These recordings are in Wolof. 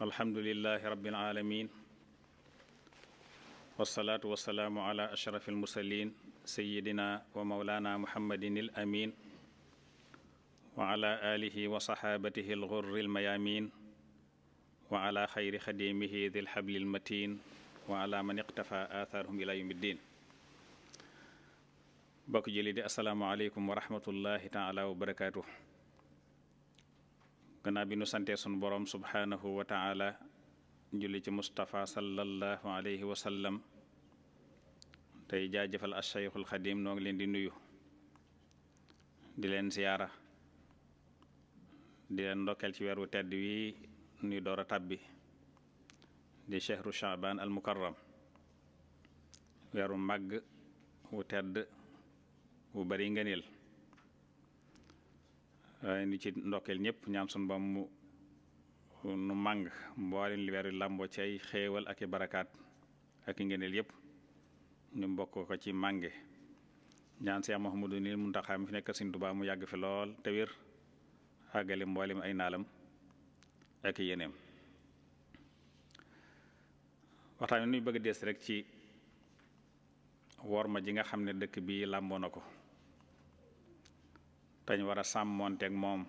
alhamdulilahi rabbil alamin wasalaatu wasalaamu ala ashraf almursalin sayidina wa maulana muhammadin il amin wa ala alihi wa saxaabatihi alxurri almayamin wa ala xayri xadimihi di lxabli almatin wa ala man iqtafa athaarhum ila yawmi ddin bokk jëli di asalaamu aleykum wa rahmatullahi taala wa barakatuh gannaaw bi nu santee sunu borom subhaanahu wa taala julli ci Moustapha alayhi wa sallam tey jaajëfal Acheikhul Xadim leen di nuyu di leen siyaara di leen ndokkeel ci weeru tedd wi nuy door a tàbbi di chehru Chaaban al mukarram weeru màgg wu tedd wu bari ngëneel Eh, ni ci ndokkeel ñépp ñaan sun ba mu nu màng mboolem li weer làmboo ci ay xéewal ak i barakaat ak i ngëneel yëpp ñu mbokk ko ci mànge ñaan Seex Muhammadu ni Muntaxa mi fi nekk Sëriñ baa mu yàgg fi lool te wér àggale mboolem ay naalam ak i yéeneem waxtaan wi nuy bëgg des rek ci ma ji nga xam ne dëkk bi làmboo na ko tañ war a sàmmoonteeg moom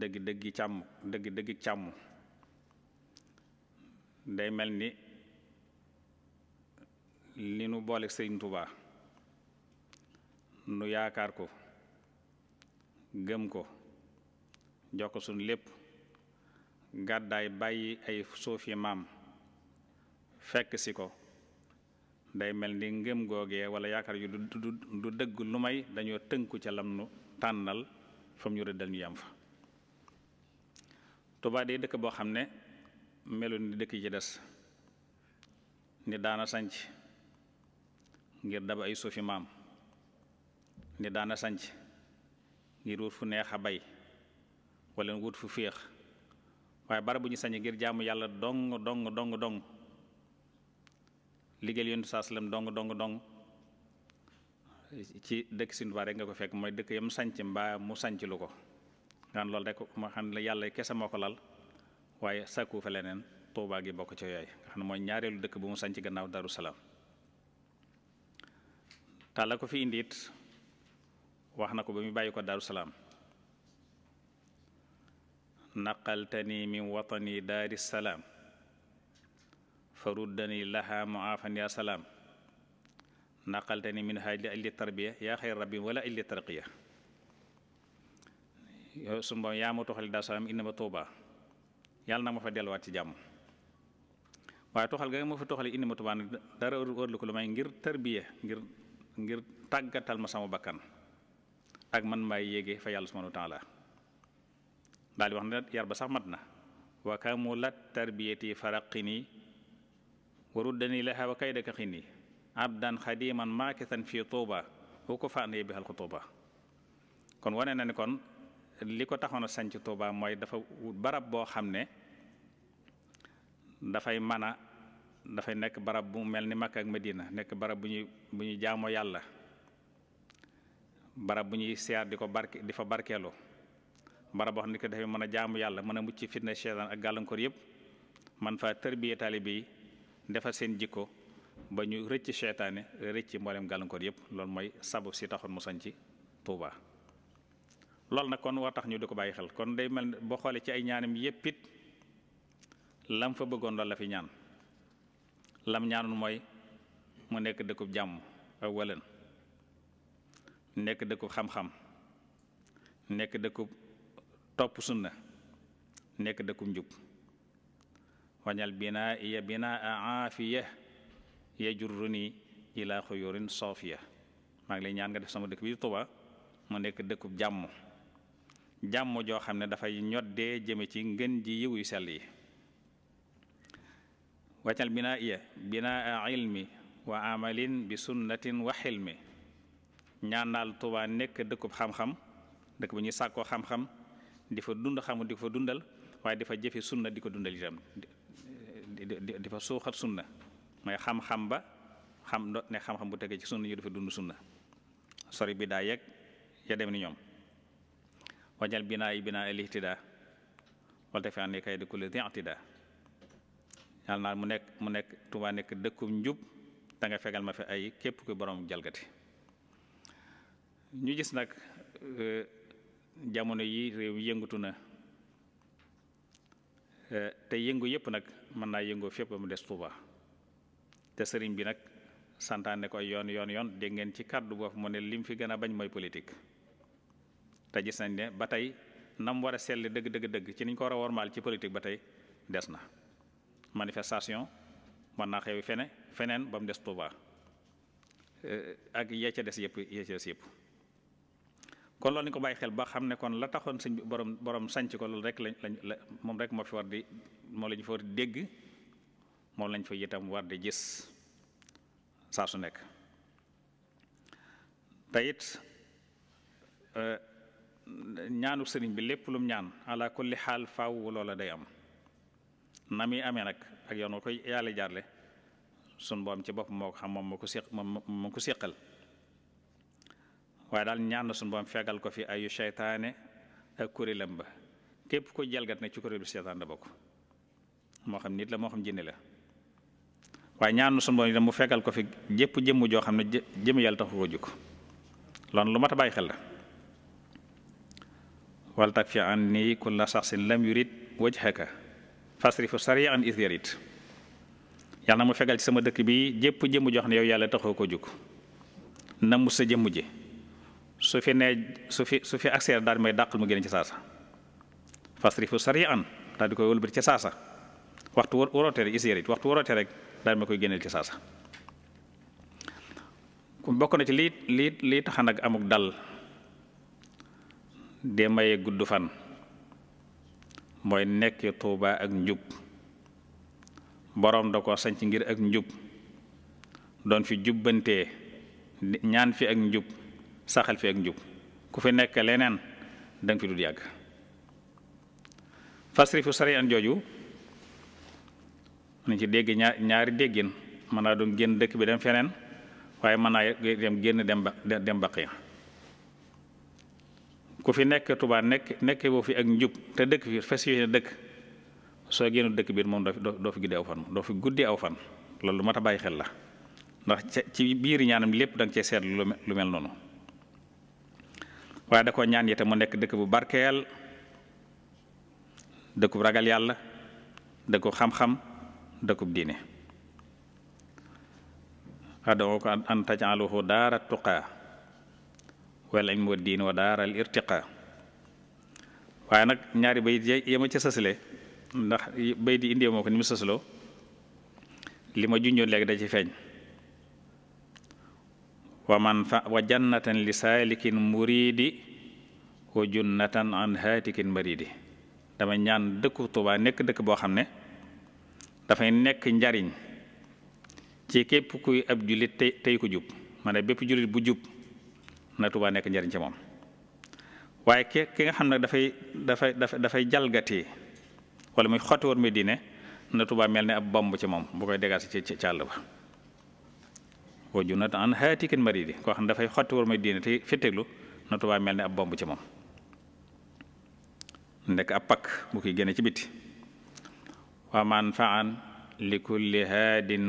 dëgg dëggi càmm dëgg dëggi càmm day mel ni li nu boole sëriñ nu yaakaar ko gëm ko jox ko suñ lépp gàddaay bàyyi ay suufi maam fekk si ko day mel ni ngëm googee wala yaakaar yu du du dëgg lu may dañoo tënku ca lam nu tànnal fam ñu rëddal ñu yam fa Tuubaa de dëkk boo xam ne melu ni dëkk yi ci des ni daana sanc ngir daba ay suufi maam ni daana sanc ngir wut fu neex a bay wala wut fu féex waaye barab bu ñu sañ ngir jaamu yàlla dong dong dong dong liggéeyal yonent saa salaam dong dong dong ci dëkk Sëñ Tuubaa rek nga ko fekk mooy dëkk yam sanc mbaa mu sanc lu ko nga loolu rek ma xam ne yàlla kese moo ko lal waaye sàkku fa leneen Tuubaa gi bokk ci yooyu nga xam ne mooy ñaareelu dëkk bu mu sanc gannaaw Daaru Salaam tàlla ko fi indi wax na ko ba mu bàyyi ko Daaru Salaam naqaltani min watani daari salaam faruddani laha muafan ya salaam naqaltani min haaj li ajli tarbiya yaa xayr rabbi wala ajli tarqiya yow su yaa ma toxal daa salaam inna ma yàlla na ma fa delluwaat ci jàmm waaye toxal ga ma fa toxal inna ma tuuba nag dara ko lu may ngir tarbiya ngir ngir tàggatal ma sama bakkan ak man maay yéege fa yàlla subhanahu wa daal di wax ne yar ba sax mat na wa kamulat tarbiyati faraqini waruddani laha wa kaydaka xini abdan xadiman maakisan fii tuuba wu ko fa an yebbi xal ko tuuba kon wane na ni kon li ko taxoon a sanc tuuba mooy dafa barab boo xam ne dafay mën a dafay nekk barab bu mel ni Makka ak Medina nekk barab bu ñuy bu ñuy jaamoo yàlla barab bu ñuy siyaar di ko barke di fa barkeelu barab boo xam mën a jaamu yàlla mën a mucc fitna seytaan ak gàllankoor yëpp man fa tërbiye taalibe defar seen jikko ba ñu rëcc seytaane rëcc mboolem gàllankoor yëpp lool mooy sabab si taxoon mu sañ ci Tuuba loolu nag kon war tax ñu di ko bàyyi xel kon day mel boo xoolee ci ay ñaanam yëpp it lam fa bëggoon loolu la fi ñaan lam ñaanoon mooy mu nekk dëkkub jàmm ak wëlën nekk dëkkub xam-xam nekk dëkkub topp sunna nekk dëkkub njub wañal binaa iya binaa a aafiya yajurruni ila xuyurin soofiya maa ngi lay ñaan nga def sama dëkk bi Tuuba mu nekk dëkkub jàmm jàmm joo xam ne dafay ñoddee jëme ci ngën ji yiw yu sell yi wañal binaa iya binaa a ilmi wa amalin bi sunnatin wa xilmi ñaan naal nekk dëkkub xam-xam dëkk bu ñuy sàkkoo xam-xam di fa dund xamu di ko fa dundal waaye di fa jëfe sunna di ko dundal itam di fa suuxat sunna mooy xam-xam ba xam ne xam-xam bu tegee ci sunna ñu dafa dund sunna sori bi daa yegg ya dem ni ñoom wajal binaa binaay binaa al ihtidaa wala te fi ànd kay di kulli i'tidaa yàlla naa mu nekk mu nekk Tuubaa nekk dëkkum njub da fegal ma fi ay képp ku borom jalgati ñu gis nag euh, jamono yi réew yëngatu na te yëngu yëpp nag mën naa yëngoo fépp ba mu des Touba te sëriñ bi nag santaane ko yoon yoon yoon dégg ngeen ci kàddu boobu mu ne lim fi gën a bañ mooy politique te gis nañ ne ba tey nam war a sell dëgg dëgg dëgg ci niñ ko war a wormaal ci politique ba tey des na manifestation mën naa xewi fene feneen ba mu des Touba ak yee ca des yëpp yee des yëpp kon loolu ñu ko bàyyi xel ba xam ne kon la taxoon sañ bi borom borom sanc ko loolu rek lañ la moom rek moo fi war di moo lañu fa war di dégg lañ fa itam war gis saa su nekk te euh, ñaanu sëriñ bi lépp lum ñaan ala kulli xaal faaw loola day am na muy amee nag ak yoon nga koy yàlla jaarle sun boom ci bopp moo ko xam moom moo ko séq moom moo ko séqal waaye daal ñaan na suñu boom fegal ko fi ayu seytaane ak kuréelam ba képp ko jalgat nag ci kuréel bi seytaan da bokk moo xam nit la moo xam jinne la waaye ñaan na yi boom mu fegal ko fi jépp jëmm joo xam ne jëm yàlla taxu ko jóg loolu lu mat bàyyi xel la wal tak fi an nii kulla saxsin lam yurid wajhaka fasrifu sarian is yàlla na fegal ci sama dëkk bi jépp jëmm joo ne yow yàlla taxoo ko jóg na sa jëmm ji su fi nee su fi su fi accès daal di may dàqal mu génn ci saasa fasrifu sari'an daal di koy wëlbati ci saasa waxtu wóoroote rek isérit rek daal di ma koy génneel ci saasa bokk na ci lii lii nag amuk dal de maye gudd fan mooy nekk tuuba ak njub boroom da ko sanc ngir ak njub doon fi jubbantee ñaan fi ak njub saxal fi ak njub ku fi nekk leneen da nga fi dul yàgg fasrifu sari an jooju mën ci dégg ñaar ñaari déggin mën naa doon génn dëkk bi dem feneen waaye mën naa dem génn dem ba dem baqi ku fi nekk Tuubaa nekk nekk boo fi ak njub te dëkk fi fas yéene dëkk soo génn dëkk biir moom doo fi guddee aw fan doo fi guddee aw fan loolu lu mat a bàyyi xel la ndax ci biir ñaanam lépp da nga cee seetlu lu mel noonu waaye da ko ñaan yete mu nekk dëkk bu barkeel dëkkub ragal yàlla dëkkub xam-xam dëkkub diine adoo ko an tajaluhu daara tuqaa wal ilmu wa diin wa daara al irtiqaa waaye nag ñaari bayit yema ca sësale ndax bayit yi indee moo ko ni mu sësaloo li ma junjoon léegi da ci feeñ wa man fa wa jannatan li saalikin muridi wa junnatan an haatikin maridi dama ñaan dëkku Tuubaa nekk dëkk boo xam ne dafay nekk njariñ ci képp kuy ab jullit tey tey ko jub maanaam bépp jullit bu jub na Tuubaa nekk njariñ ci moom waaye ki ki nga xam ne dafay dafay dafay jalgati wala muy xotti woon mi diine na Tuubaa mel ne ab bomb ci moom bu koy dégaasi ci ci àll ba wa junat an haatikin maridi koo xam ne dafay xotti war may diine te fetteglu notubaa mel ne ab bomb ci moom ndekk ab pakk bu koy génne ci biti wa man faan li kulli haadin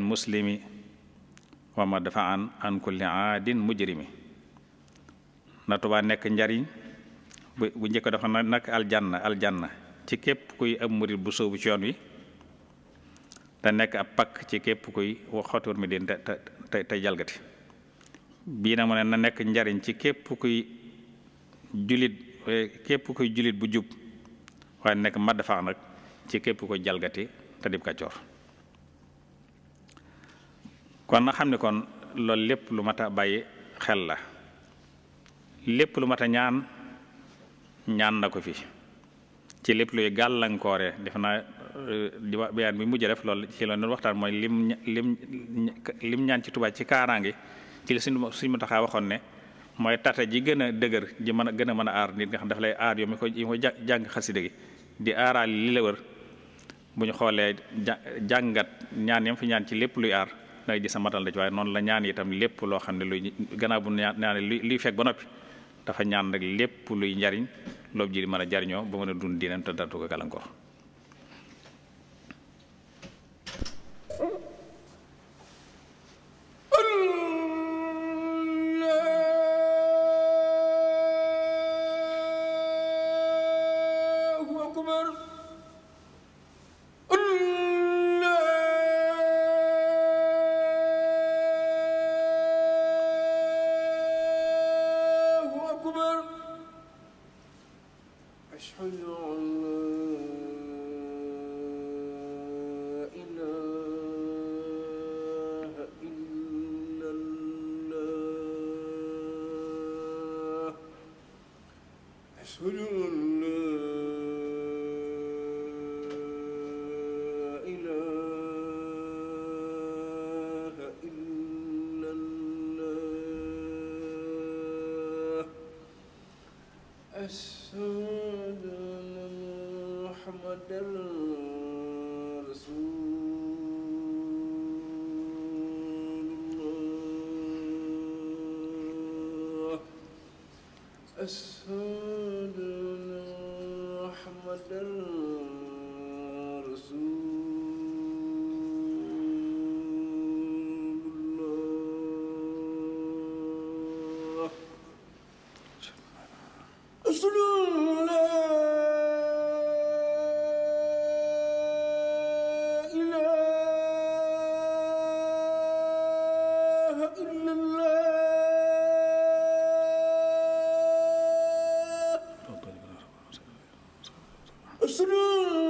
kulli aadin mujrimi natubaa nekk njariñ bu njëkk dafa nag aljanna aljanna ci képp kuy ab murit bu soobu ci yoon wi te nekk ab pakk ci képp kuy xottiwar mi diine te tey tey jalgati bii nag mu ne na nekk njariñ ci képp kuy julit eh, képp kuy julit bu jub waaye nekk madd faax nag ci képp kuy jalgati te dib kon na xam ne kon loolu lépp lu mat a bay xel la lépp lu mat a ñaan ñaan na ko fi ci lépp luy gàllankoore def naa di wa bayaan bi mujj def loolu ci loolu doon waxtaan mooy lim lim lim ñaan ci Tuubaa ci kaaraange ci li suñu mu Muntaxaa waxoon ne mooy tata ji gën a dëgër ji mën a gën mën a aar nit nga lay aar yow mi ko yi ko jàng xasida gi di aaraal li la wër bu ñu xoolee jàngat ñaan yam fi ñaan ci lépp luy aar da ngay gis la ci noonu la ñaan itam lépp loo xam ne luy gannaaw bu ñaan luy luy fekk ba noppi dafa ñaan rek lépp luy njariñ loob ji man a jariñoo ba mën a dund diinam te dartu ko する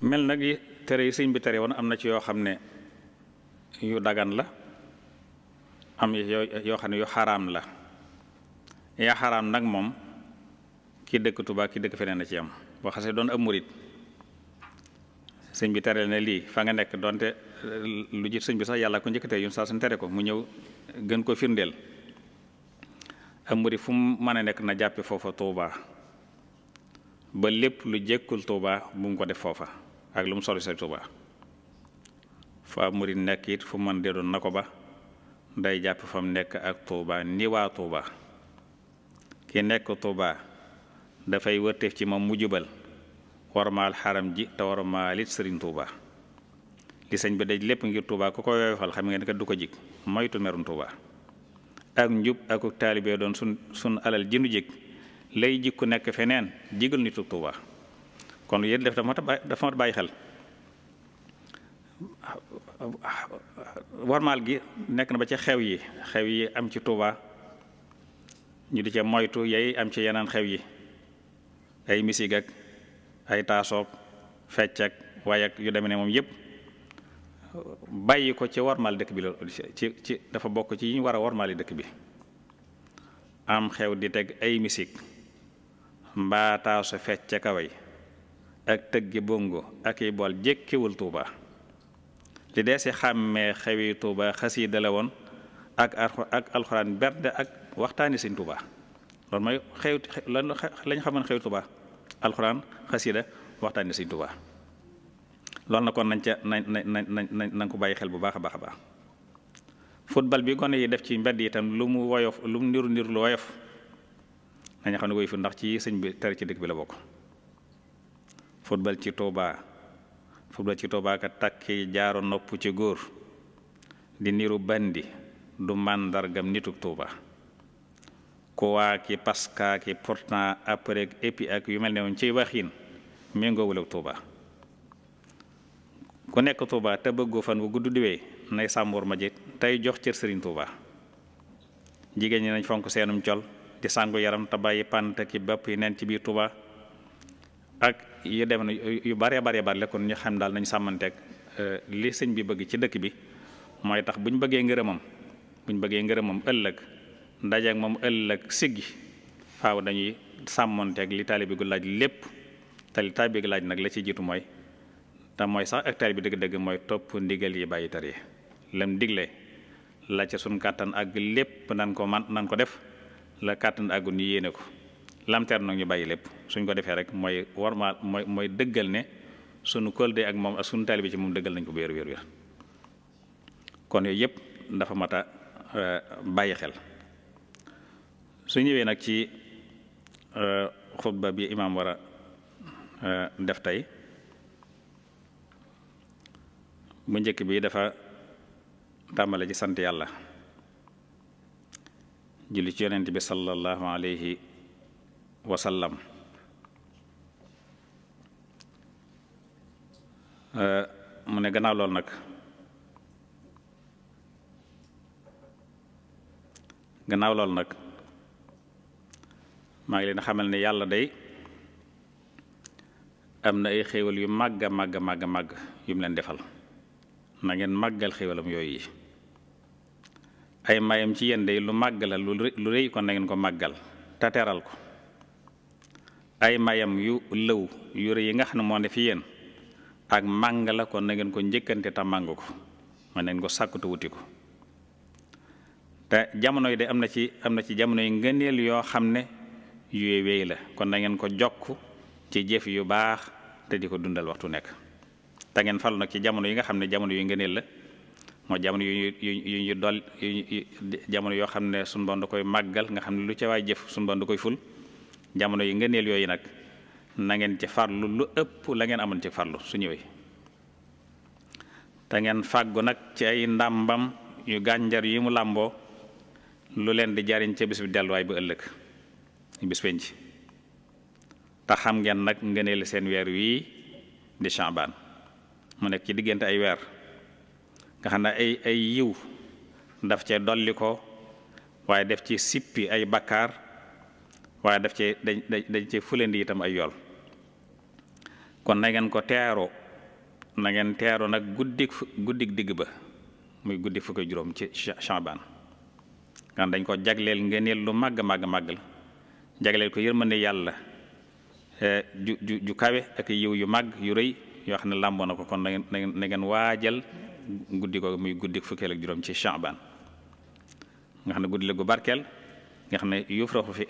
mel nag tere yi sëñ bi tere woon am na ci yoo xam ne yu dagan la am yoo xam ne yu xaraam la yaa xaraam nag moom kii dëkk Tuubaa ki dëkk feneen a ci am boo xasee doon ab murit sëñ bi tere ne lii fa nga nekk donte lu jiit sëñ bi sax yàlla ko njëkkatee yun saa suñ tere ko mu ñëw gën ko firndeel ab murit fu mën a nekk na jàppe foofa Tuubaa ba lépp lu jekkul Tuubaa bu mu ko def foofa ak lu mu sori sori Tuubaa fa ab murit nekk it fu mën de doon na ba day jàpp fam nekk ak Tuuba ni waa Tuuba ki nekk Tuuba dafay wërteef ci moom mu war warmaal xaram ji te warmaalit sëriñ Tuuba li sëñ bi daj lépp ngir Tuuba ku ko woyofal xam ngeen kat du ko jig moytu merum Tuuba ak njub ak taalibe doon sun sun alal ji nu jig lay jig ku nekk feneen jigal nitu Tuuba kon yéen dafa mat bàyyi xel warmaal gi nekk na ba ci xew yi xew yi am ci Tuuba ñu di ca moytu yay am ci yeneen xew yi ay misig ak ay taasoog fecc ak waaye yu deme ne moom yëpp bàyyi ko ci warmaal dëkk bi loolu ci dafa bokk ci ñu war a warmaali dëkk bi am xew di teg ay misig mbaa taasu fecc ca kaway ak tëggi bongo ak i bool jékkiwul Tuuba li dee si xàmmee xewi Touba xasiida la woon ak ak alxuraan berde ak waxtaani sëñ Touba loolu mooy xew lan lañ xamoon xewi Touba alxuraan xasiida waxtaani sëñ Touba loolu na kon nañ ca nañ nañ nañ ko bàyyi xel bu baax a baax a baax football bi gone yi def ci mbedd itam lu mu woyof lu mu niru niru lu woyof nañu xam ne woyofu ndax ci sëñ bi tere ci dëkk bi la bokk football ci Touba. fubla ci tobaaka takki jaaro nopp ci góor di niru bandi du màndargam nituk tuuba kuwaa ki paska ki pourtant après épi ak yu mel ne ci waxiin méngoowul ak tuuba ku nekk tuuba te bëggoo fan wu gudd diwee nay sàmmoor ma tey jox cër sëriñ tuuba jigéen ñi nañ fonk seenum col di sàngu yaram te bàyyi pant ki bopp yi neen ci biir tuuba ak yu na yu baree baree bari la kon ñu xam daal nañu sàmmanteeg euh, li sëñ bi bëgg ci dëkk bi mooy tax bu ñu bëggee ngërëmam bu ñu bëggee ngërëmam ëllëg ndaje ak moom ëllëg siggi faaw dañuy sàmmanteeg li taalibe gu laaj lépp te li taalibe laaj nag la ci jiitu mooy te mooy sax ak taalibe bi dëgg-dëgg mooy topp ndigal yi bàyyi tere lam digle la ca suñ kàttan ak lépp nan ko man nan ko def la kàttan àggu ni yéene ko lamteer nag ñu bàyyi lépp suñ ko defee rek mooy war mooy dëggal ne sunu kóllëre ak moom ak sunu taalibe ci moom dëggal nañ ko bu wér wér kon yooyu yëpp dafa mat a euh, bàyyi xel su ñëwee nag ci euh, xutba bi imaam war euh, def tey bu njëkk bi dafa tàmbale ci sant yàlla julli ci yonent bi sallallahu alayhi wasallam eh, mu ne gannaaw loolu nag gannaaw nag maa ngi leen xamal ne yàlla day am na ay xéewal yu màgg a màgg màgg màgg yum leen defal na ngeen màggal xéewalam yooyu yi ay mayam ci yéen day lu màgg la lu rëy kon na ko màggal te ko ay mayam yu lëw yu rëy yi nga xam ne moo ne fi yéen ak màng la kon nangeen ko njëkkante te màng ko man nañ ko sàkkatu wuti ko te jamono yi de am na ci am na ci jamono yi ngëneel yoo xam ne yuy wéy la kon na ko jokk ci jëf yu baax te di ko dundal waxtu nekk te ngeen falu nag ci jamono yi nga xam ne jamono yu ngëneel la mooy jamono yu ñu yu ñu jamono yoo xam ne sunu bon da koy màggal nga xam ne lu ca waay jëf suñu bon da koy ful jamono yi ngëneel yooyu nag na ngeen ci farlu lu ëpp la ngeen amoon ci farlu su ñëwee te ngeen fàggu nag ci ay ndàmbam yu gànjar yi mu làmboo lu leen di jariñ ca bis bi delluwaay bu ëllëg bis penc te xam ngeen nag ngëneeli seen weer wii di Shaaban mu nekk ci diggante ay weer nga xam ne ay ay yiw daf cee dolli ko waaye def ci sippi ay bakkaar waaye daf cee dañ dañ cee fulandi itam ay yool kon na ko teeroo na ngeen teeroo nag guddik guddik digg ba muy guddi fukki juróom ci Shaabaan kan dañ ko jagleel ngeneel lu màgg màgg màgg la jagleel ko yërmande yàlla eh, ju ju ju kawe ak yiw yu màgg yu rëy yoo xam ne làmboo na ko kon na ngeen na ngeen waajal guddi ko muy guddi fukkeel juróom ci Shaabaan nga xam ne guddi la gu barkeel nga xam ne yufraxu fi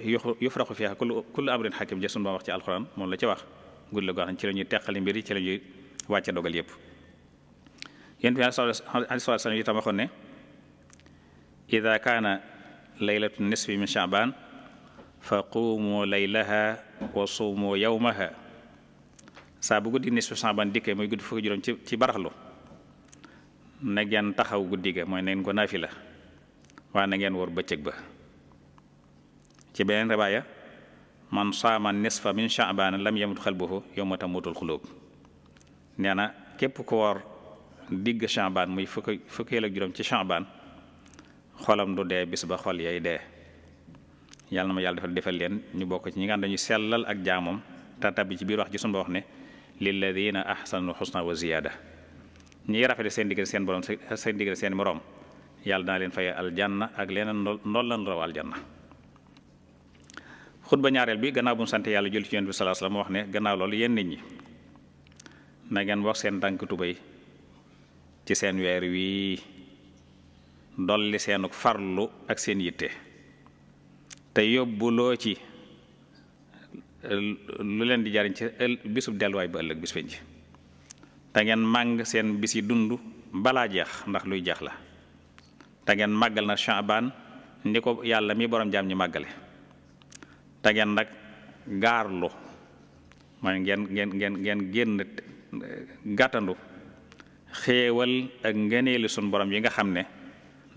yufraxu fiha kullu kullu amrin hakim ja ba wax ci alxuraan moom la ci wax guddi la goo xam ne ci la ñuy teqali mbir ci la ñuy wàcce dogal yépp yéen bi alayhi salaam itam waxoon ne ida kaana laylatu nisfi min chaban fa quumu laylaha wa suumu bu guddi nisfi chaban dikkee muy guddi fukki juróom ci ci baraxlu na ngeen taxaw guddi ga mooy ko naafi la waa na ngeen wóor bëccëg ba ci beneen riwaaya man saama nisfa min sha'ban lam yamut yow yawma tamutul xulóob nee na képp ku woor digg sha'ban muy fukki fukkeel ak juróom ci sha'ban xolam du dee bis ba xol yay dee yàlla na ma yàlla defal defal leen ñu bokk ci ñi nga xam dañuy sellal ak jaamam tatab bi ci biir wax ci sunu ne li ne lilladina ahsanu xusna wa ziyaada ñi rafete seen diggante seen borom seen diggante seen morom yàlla dana leen fay aljanna ak leneen ndollan raw aljanna xutba ñaareel bi gannaaw bu mu sant yàlla jël ci yonent bi sallallahu alayhi wasallam wax ne gannaaw loolu yéen ñi na ngeen wax seen ndànk tubéy ci seen weer wii dolli seenuk farlu ak seen yitte te yóbbuloo ci lu leen di jariñ ci bisub delluwaay ba ëllëg bis penc te ngeen màng seen bis yi dund balaa jeex ndax luy jeex la te ngeen màggal na Shaaban ni ko yàlla mi borom jaam ñi màggale dangeen nag gaarlu mooy ngeen ngeen ngeen ngeen génn gàttandu xéewal ak ngëneeli sunu borom yi nga xam ne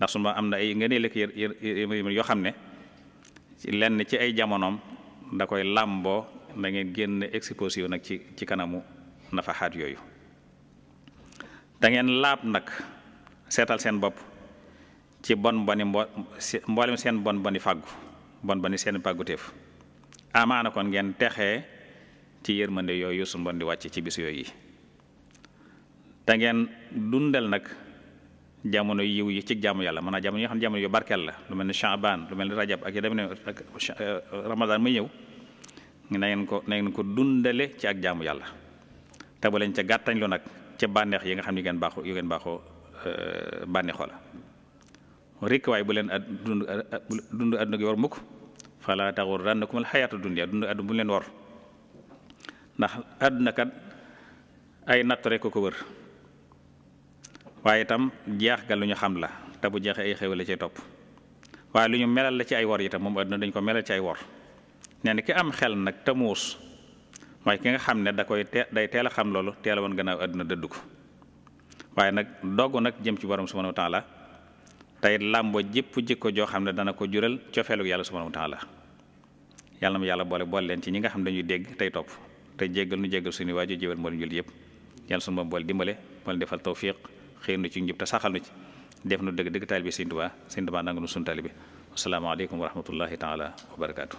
ndax sunu borom am na ay ngëneeli ak yoo xam ne ci lenn ci ay jamonoom da koy làmboo da ngeen génn exposé yu nag ci ci kanamu nafaxaat yooyu dangeen ngeen laab nag seetal seen bopp ci bon boni mbo mboolem seen bon ba boni fàggu bon ba boni seen pàgguteef amaana kon ngeen texee ci yërmande yooyu suñu bon di wàcc ci bis yooyu te ngeen dundal nag jamono yiw yi ci jaamu yàlla maanaam jamono yi nga xam ne jamono yu barkeel la lu mel ni Shaaban lu mel ni rajab ak yi dem ne ak Ramadan muy ñëw nangeen ko na ko dundale ci ak jaamu yàlla te bu leen ca gàttañ lu nag ca bànneex yi nga xam ni yu ngeen baaxoo yu ngeen baaxoo euh, bànneexoo la rikk waaye euh, bu leen dund dund adduna gi war mukk fala taxurrannakum alxayaatu dunya dund àdduna bu leen wor ndax àdduna kat ay natt rek ko wër waaye itam jeex ga lu ñu xam la te bu jeexee ay xew la cay topp waaye lu ñu melal la ci ay wor itam moom àdduna dañ ko melal ci ay wor nee na ki am xel nag te muus mooy ki nga xam ne da koy te day teel a xam loolu teel a woon gannaaw àdduna dëdd ko waaye nag dogg nag jëm ci borom subhanahu wa taala tey làmbo jépp jikko joo xam ne dana ko jural cofeelu yàlla subhanahu wa taala yàlla na yàlla boole boole leen ci ñi nga xam ne dañuy dégg tey topp te jéggal nu jéggal suñu waajur jéwél moo jul yëpp yàlla suma moom dimbale boole defal tawfiq xëy nu ci njub te saxal nu ci def nu dëgg dëgg taalibe Sëriñ Tuubaa Sëriñ Tuubaa nangu nu sunu taalibe asalaamaaleykum wa rahmatullahi taala wa barakaatu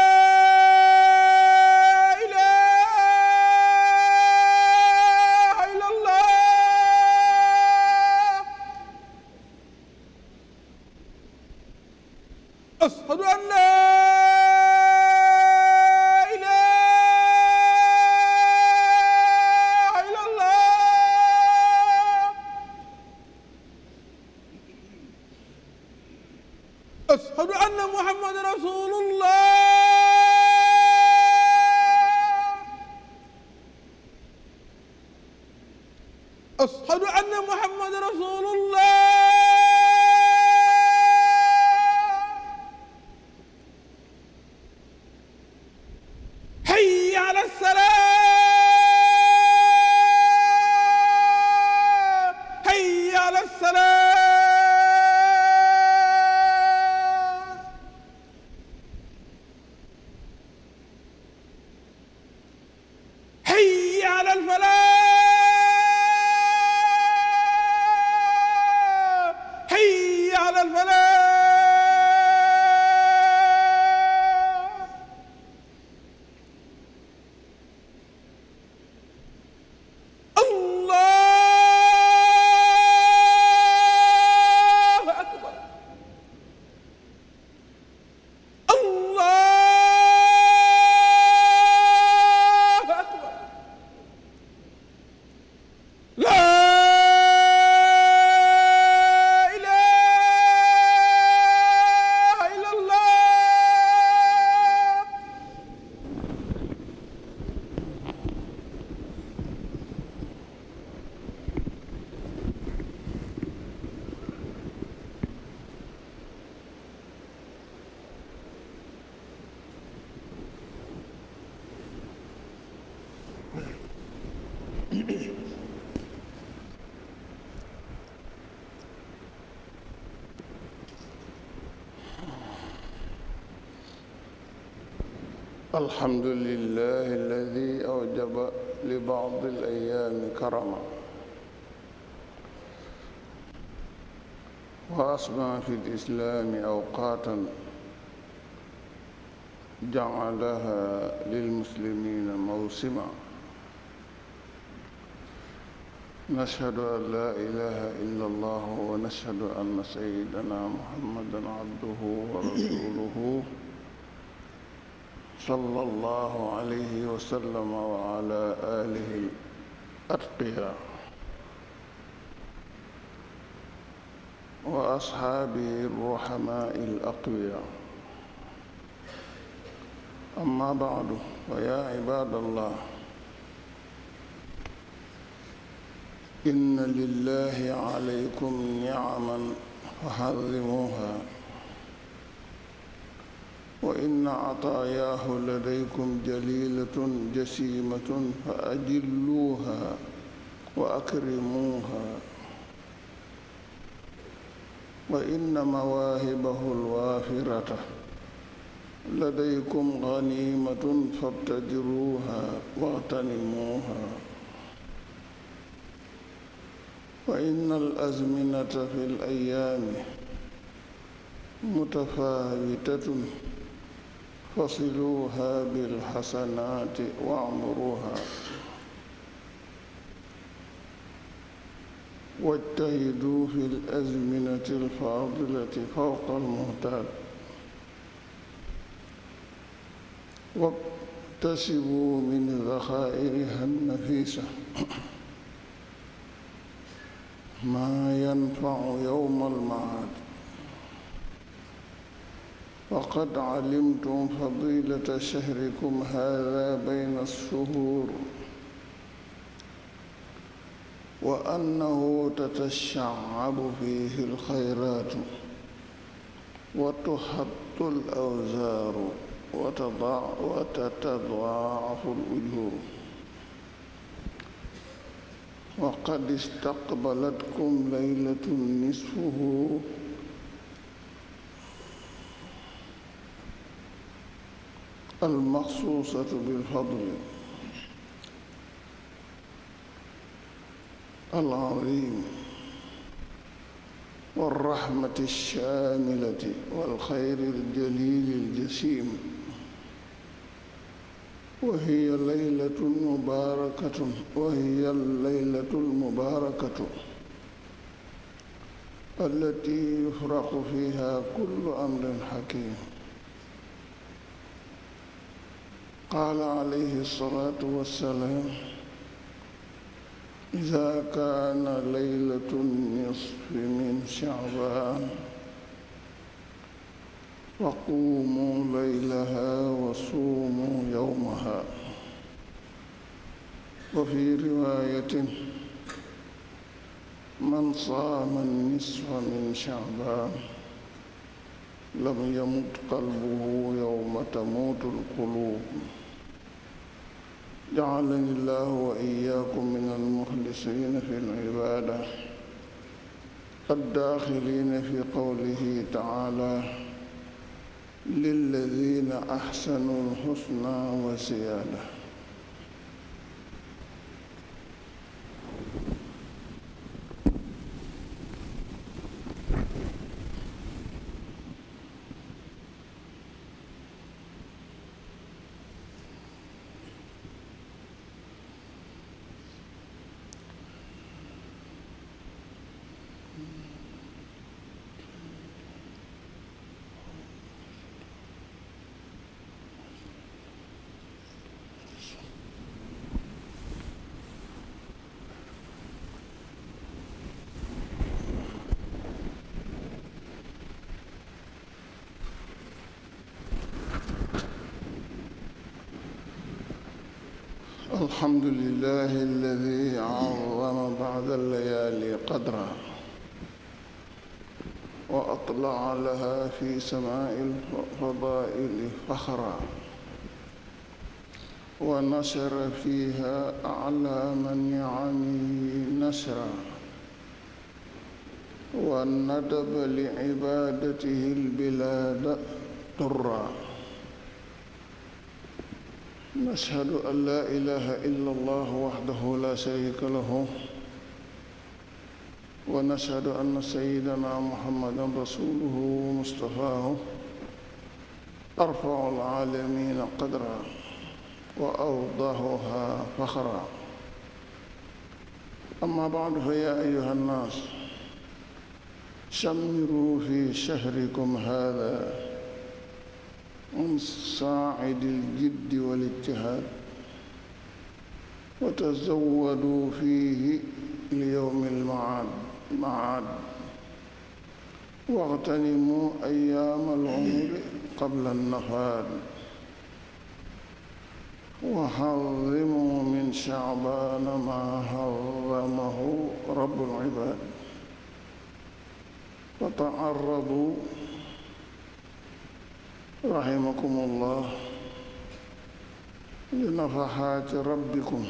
الحمد لله الذي أوجب لبعض الأيام كرما وأصبح في الإسلام أوقاتا جعلها للمسلمين موسما نشهد أن لا إله إلا الله ونشهد أن سيدنا محمدا عبده ورسوله صلى الله عليه وسلم وعلى آله الأتقياء وأصحابه الرحماء الأقوياء أما بعد فيا عباد الله إن لله عليكم نعما فحرموها وإن عطاياه لديكم جليلة جسيمة فأجلوها وأكرموها وإن مواهبه الوافرة لديكم غنيمة فابتدروها واغتنموها وإن الأزمنة في الأيام متفاوتة فصلوها بالحسنات واعمروها واجتهدوا في الأزمنة الفاضلة فوق المعتاد واكتسبوا من ذخائرها النفيسة ما ينفع يوم المعاد وقد علمتم فضيلة شهركم هذا بين الشهور وأنه تتشعب فيه الخيرات وتحط الأوزار وتضع وتتضاعف الأجور وقد استقبلتكم ليلة نصفه المخصوصة بالفضل العظيم والرحمة الشاملة والخير الجليل الجسيم وهي ليلة مباركة وهي الليلة المباركة التي يفرق فيها كل أمر حكيم قال عليه الصلاة والسلام إذا كان ليلة النصف من شعبان وقوموا ليلها وصوموا يومها وفي رواية من صام النصف من شعبان لم يمت قلبه يوم تموت القلوب جعلني الله وإياكم من المخلصين في العبادة الداخلين في قوله تعالى للذين أحسنوا الحسنى وزيادة الحمد لله الذي عظم بعد الليالي قدرا وأطلع لها في سماء الفضائل فخرا ونشر فيها أعلى من يعمي نشرا وندب لعبادته البلاد طرا نشهد أن لا إله إلا الله وحده لا شريك له ونشهد أن سيدنا محمدا رسوله مصطفاه أرفع العالمين قدرا وأوضحها فخرا أما بعد فيا أيها الناس شمروا في شهركم هذا صاعد الجد والاجتهاد وتزودوا فيه ليوم المعاد معاد واغتنموا أيام العمر قبل النفاد وحرموا من شعبان ما حرمه رب العباد وتعرضوا rahimakum allah linafaxaati rabbikum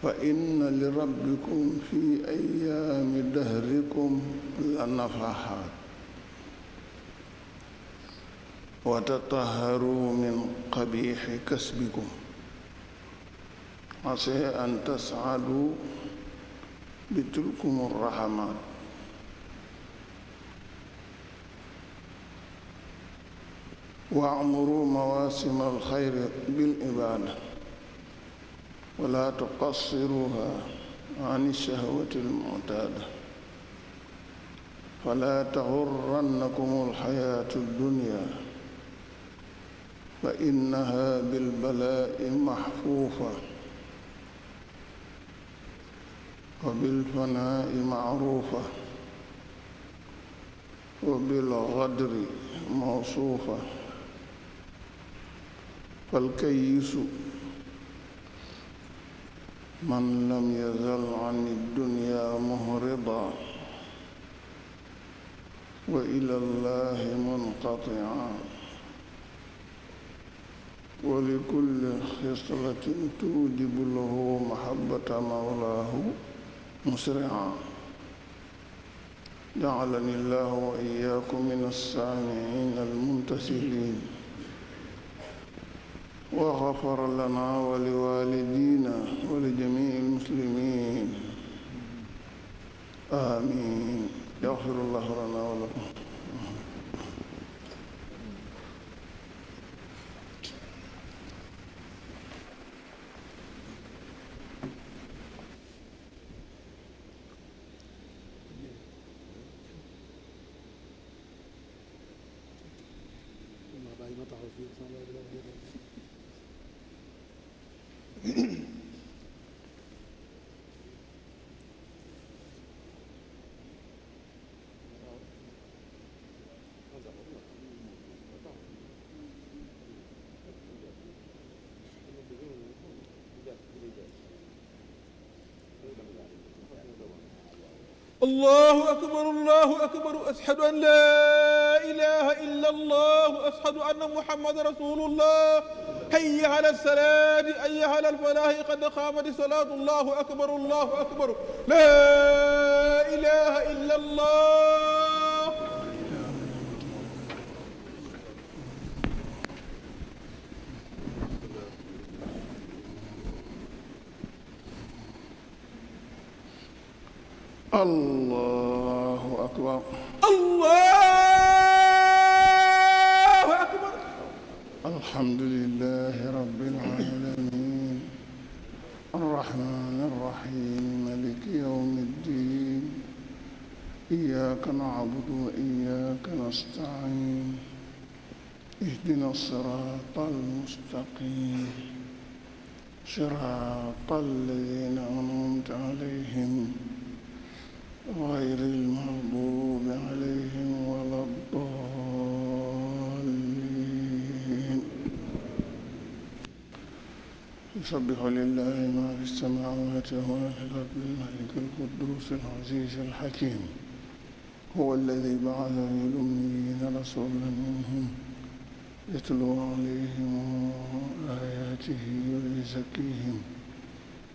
fa inna li rabbikum fi ayaami dahrikum la nafaxaat wa tataharu min qabixi kasbikum ase an tascadu bitulkum arraxamaat واعمروا مواسم الخير بالعبادة ولا تقصروها عن الشهوة المعتادة فلا تغرنكم الحياة الدنيا فإنها بالبلاء محفوفة وبالفناء معروفة وبالغدر موصوفة فالكيس من لم يزل عن الدنيا مهرضا والى الله منقطعا ولكل خصلة توجب له محبة مولاه مسرعا جعلني الله وإياكم من السامعين الممتثلين وغفر لنا ولوالدينا ولجميع المسلمين آمين يغفر الله لنا ولكم allahu akbar allahu akbar ashadu an laa ilaha illa allah ashadu anna muhammadan rasulullah hayya ala salaati hayya ala alfalaahi qad qaamat salaatu allahu akbar allahu akbar laa ilaha illa allah Allah waaw allahu akbar alhamdulilahi rabbil alamin arrahman arrahim maliki yawmi ddin iyyaka na'budu wa iyyaka nasta'in ihdina sirata almustaqim sirata alladhina an'amta alayhim غير المغضوب عليهم ولا الضالين يسبح لله ما في السماوات وما في الأرض الملك القدوس العزيز الحكيم هو الذي بعث في الأميين رسولا منهم يتلو عليهم آياته ويزكيهم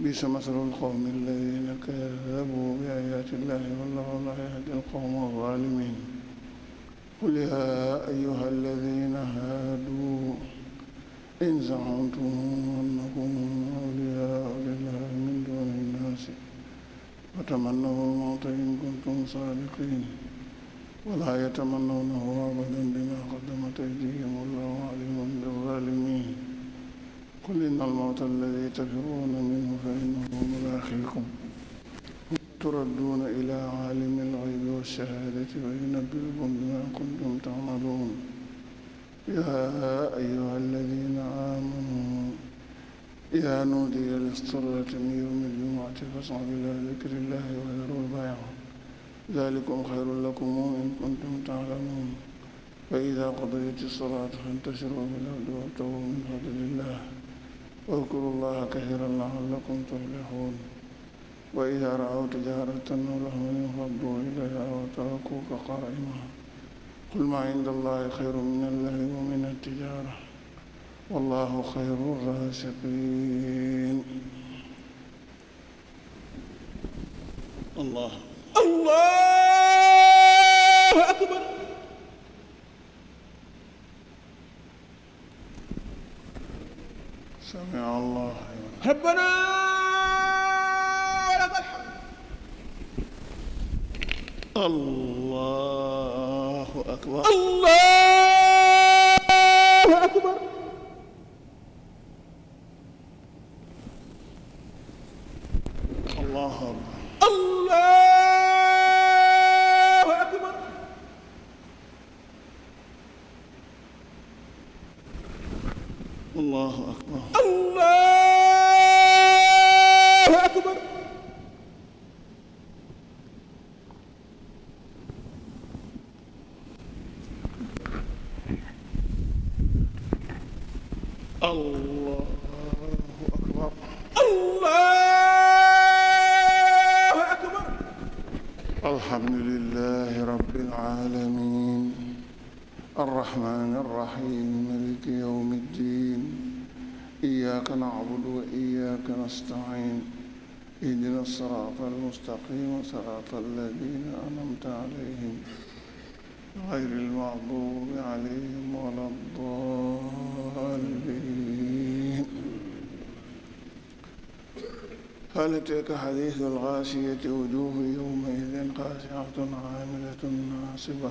بئس مثل القوم الذين كذبوا بآيات الله والله لا يهدي القوم الظالمين قل يا أيها الذين هادوا إن زعمتم أنكم أولياء لله من دون الناس وتمنوا الموت إن كنتم صادقين ولا يتمنونه أبدا بما قدمت أيديهم والله عليم بالظالمين qul inna al-mawta alladi tafirruuna minhu fa innahu mulaaqiikum turadduuna ilaa aalimi al-ghaybi wash-shahaadati fa yunabbi'ukum bimaa kuntum ta'maluun yaa ayyuha alladiina aamanuu idaa nuudiya lis-salaati min yawmi l-jumu'ati fas'aw ilaa dhikri llaahi wa dharul baa'i'a dhalikum khayrun lakum in kuntum ta'lamuun fa idaa qadaytis-salaata fantashiru fil ardi wabtaghuu min fadlillaah واذكروا الله كثيرا لعلكم تفلحون وإذا رأوا تجارة أو لهوا انفضوا إليها وتركوك قائما قل ما عند الله خير من اللهو ومن التجارة والله خير الرازقين الله الله أكبر سمع الله ربنا ولك الحمد الله أكبر الله أكبر الله أكبر الرحمن الرحيم ملك يوم الدين إياك نعبد وإياك نستعين اهدنا الصراط المستقيم صراط الذين أنعمت عليهم غير المغضوب عليهم ولا الضالين هل أتاك حديث الغاشية وجوه يومئذ خاشعة عاملة ناصبة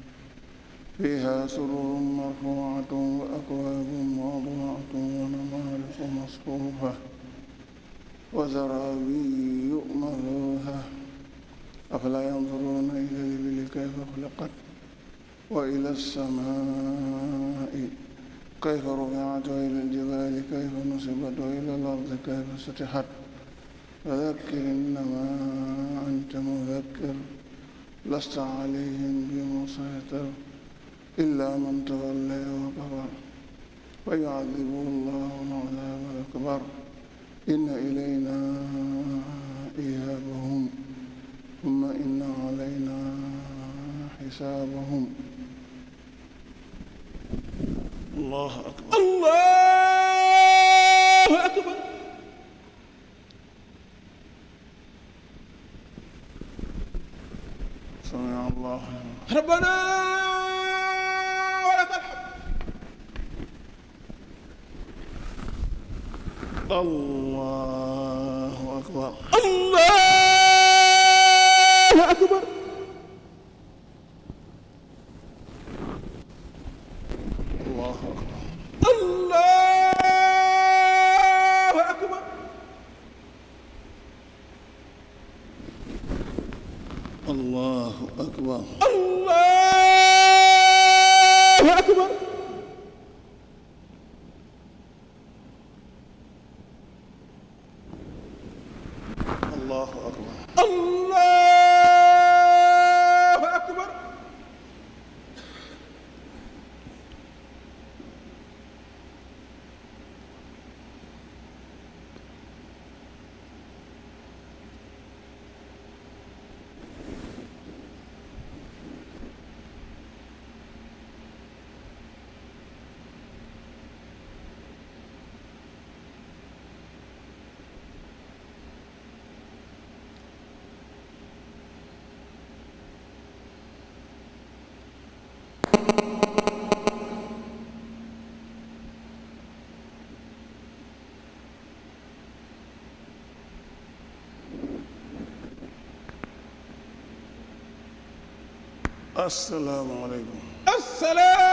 فيها سرور مرفوعة وأكواب موضوعة ونمارق مصفوفة وزرابي ملوها أفلا ينظرون إلى الإبل كيف خلقت وإلى السماء كيف رفعت وإلى الجبال كيف نصبت وإلى الأرض كيف سطحت فذكر إنما أنت مذكر لست عليهم بمسيطر إلا من تولى وكفر فيعذبه الله العذاب الأكبر إن إلينا إيابهم ثم إن علينا حسابهم الله أكبر الله أكبر سمع الله ربنا الله أكبر الله asalaamaaleykum. asalaamaaleykum.